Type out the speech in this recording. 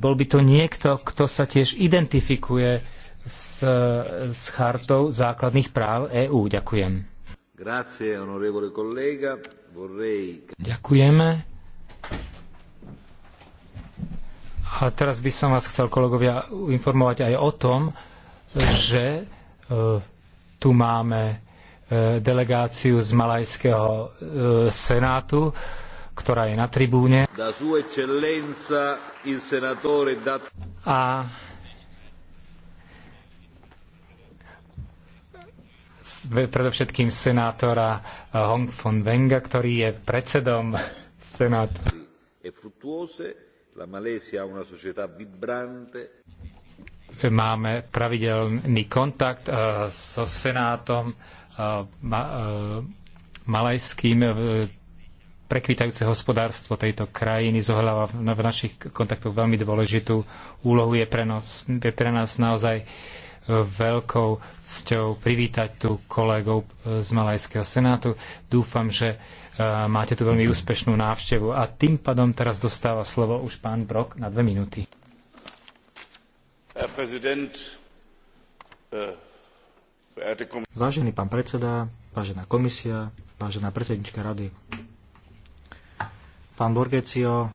Bol by to niekto, kto sa tiež identifikuje s, s chartou základných práv EÚ. Ďakujem. Ďakujeme. A teraz by som vás chcel, kolegovia, informovať aj o tom, že e, tu máme e, delegáciu z Malajského e, senátu ktorá je na tribúne. A predovšetkým senátora eh, Hong von Wenga, ktorý je predsedom senátu. Máme pravidelný kontakt eh, so senátom eh, malajským prekvitajúce hospodárstvo tejto krajiny zohľava v našich kontaktoch veľmi dôležitú úlohu. Je pre nás, je pre nás naozaj e, veľkou cťou privítať tu kolegov e, z Malajského senátu. Dúfam, že e, máte tu veľmi úspešnú návštevu. A tým pádom teraz dostáva slovo už pán Brok na dve minúty. Äh, Vážený pán predseda, vážená komisia, vážená predsednička rady, Pán Borgecio